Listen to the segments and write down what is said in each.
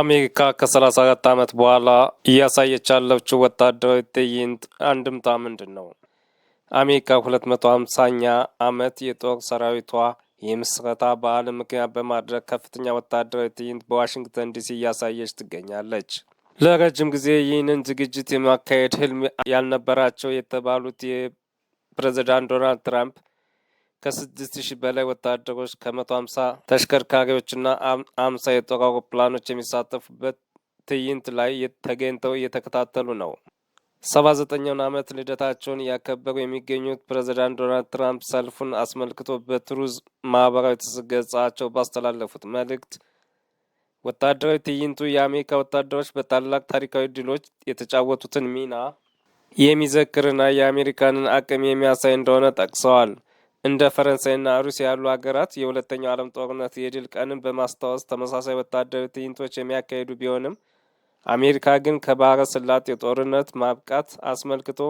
አሜሪካ ከ34 ዓመት በኋላ እያሳየች ያለችው ወታደራዊ ትዕይንት አንድምታ ምንድን ነው? አሜሪካ 250ኛ ዓመት የጦር ሰራዊቷ የምስረታ በዓል ምክንያት በማድረግ ከፍተኛ ወታደራዊ ትዕይንት በዋሽንግተን ዲሲ እያሳየች ትገኛለች። ለረጅም ጊዜ ይህንን ዝግጅት የማካሄድ ህልም ያልነበራቸው የተባሉት የፕሬዚዳንት ዶናልድ ትራምፕ ከስድስት ሺህ በላይ ወታደሮች ከመቶ ሃምሳ ተሽከርካሪዎችና አምሳ የጦር አውሮፕላኖች የሚሳተፉበት ትዕይንት ላይ ተገኝተው እየተከታተሉ ነው። ሰባ ዘጠኛውን ዓመት ልደታቸውን እያከበሩ የሚገኙት ፕሬዚዳንት ዶናልድ ትራምፕ ሰልፉን አስመልክቶ በትሩዝ ማህበራዊ ትስስር ገጻቸው ባስተላለፉት መልእክት ወታደራዊ ትዕይንቱ የአሜሪካ ወታደሮች በታላቅ ታሪካዊ ድሎች የተጫወቱትን ሚና የሚዘክርና የአሜሪካንን አቅም የሚያሳይ እንደሆነ ጠቅሰዋል። እንደ ፈረንሳይና ሩሲያ ያሉ ሀገራት የሁለተኛው ዓለም ጦርነት የድል ቀንን በማስታወስ ተመሳሳይ ወታደራዊ ትዕይንቶች የሚያካሂዱ ቢሆንም አሜሪካ ግን ከባህረ ስላጥ ጦርነት ማብቃት አስመልክቶ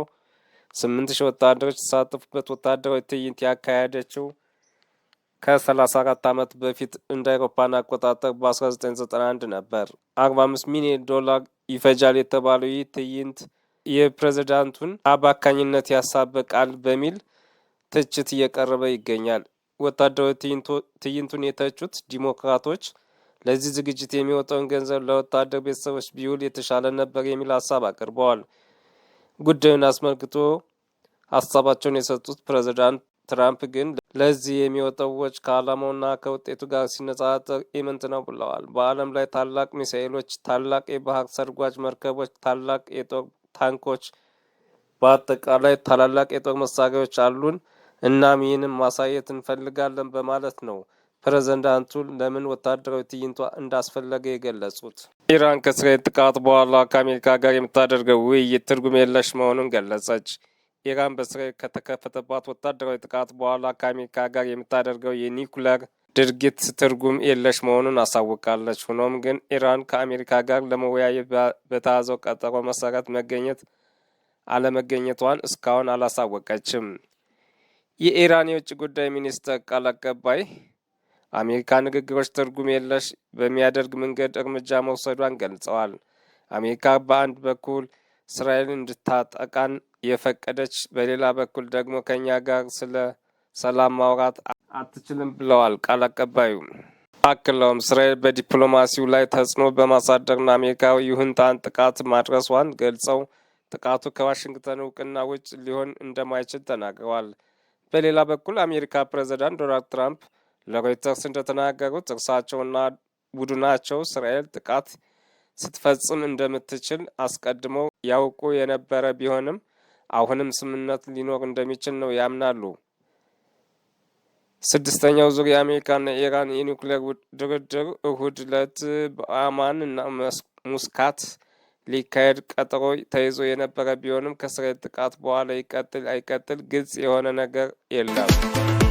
ስምንት ሺህ ወታደሮች የተሳተፉበት ወታደራዊ ትዕይንት ያካሄደችው ከ34 ዓመት በፊት እንደ አውሮፓን አቆጣጠር በ1991 ነበር። 45 ሚሊዮን ዶላር ይፈጃል የተባለው ይህ ትዕይንት የፕሬዝዳንቱን አባካኝነት ያሳበቃል በሚል ትችት እየቀረበ ይገኛል። ወታደራዊ ትዕይንቱን የተቹት ዲሞክራቶች ለዚህ ዝግጅት የሚወጣውን ገንዘብ ለወታደር ቤተሰቦች ቢውል የተሻለ ነበር የሚል ሀሳብ አቅርበዋል። ጉዳዩን አስመልክቶ ሀሳባቸውን የሰጡት ፕሬዚዳንት ትራምፕ ግን ለዚህ የሚወጣው ወጪ ከዓላማውና ከውጤቱ ጋር ሲነጻጸር ኢምንት ነው ብለዋል። በዓለም ላይ ታላቅ ሚሳኤሎች፣ ታላቅ የባህር ሰርጓጅ መርከቦች፣ ታላቅ የጦር ታንኮች፣ በአጠቃላይ ታላላቅ የጦር መሳሪያዎች አሉን። እናም ይህንም ማሳየት እንፈልጋለን በማለት ነው ፕሬዝዳንቱ ለምን ወታደራዊ ትዕይንቷ እንዳስፈለገ የገለጹት። ኢራን ከእስራኤል ጥቃት በኋላ ከአሜሪካ ጋር የምታደርገው ውይይት ትርጉም የለሽ መሆኑን ገለጸች። ኢራን በእስራኤል ከተከፈተባት ወታደራዊ ጥቃት በኋላ ከአሜሪካ ጋር የምታደርገው የኒኩለር ድርጊት ትርጉም የለሽ መሆኑን አሳውቃለች። ሆኖም ግን ኢራን ከአሜሪካ ጋር ለመወያየት በተያዘው ቀጠሮ መሰረት መገኘት አለመገኘቷን እስካሁን አላሳወቀችም። የኢራን የውጭ ጉዳይ ሚኒስተር ቃል አቀባይ አሜሪካ ንግግሮች ትርጉም የለሽ በሚያደርግ መንገድ እርምጃ መውሰዷን ገልጸዋል። አሜሪካ በአንድ በኩል እስራኤልን እንድታጠቃን የፈቀደች፣ በሌላ በኩል ደግሞ ከኛ ጋር ስለ ሰላም ማውራት አትችልም ብለዋል ቃል አቀባዩ። አክለውም እስራኤል በዲፕሎማሲው ላይ ተጽዕኖ በማሳደርና አሜሪካዊ ይሁንታን ጥቃት ማድረሷን ገልጸው ጥቃቱ ከዋሽንግተን እውቅና ውጭ ሊሆን እንደማይችል ተናግረዋል። በሌላ በኩል የአሜሪካ ፕሬዚዳንት ዶናልድ ትራምፕ ለሮይተርስ እንደተናገሩት እርሳቸውና ቡድናቸው እስራኤል ጥቃት ስትፈጽም እንደምትችል አስቀድመው ያውቁ የነበረ ቢሆንም አሁንም ስምምነት ሊኖር እንደሚችል ነው ያምናሉ። ስድስተኛው ዙር የአሜሪካና የኢራን የኒውክሌር ድርድር እሁድ ዕለት በአማን እና ሙስካት ሊካሄድ ቀጠሮ ተይዞ የነበረ ቢሆንም ከስሬት ጥቃት በኋላ ይቀጥል አይቀጥል ግልጽ የሆነ ነገር የለም።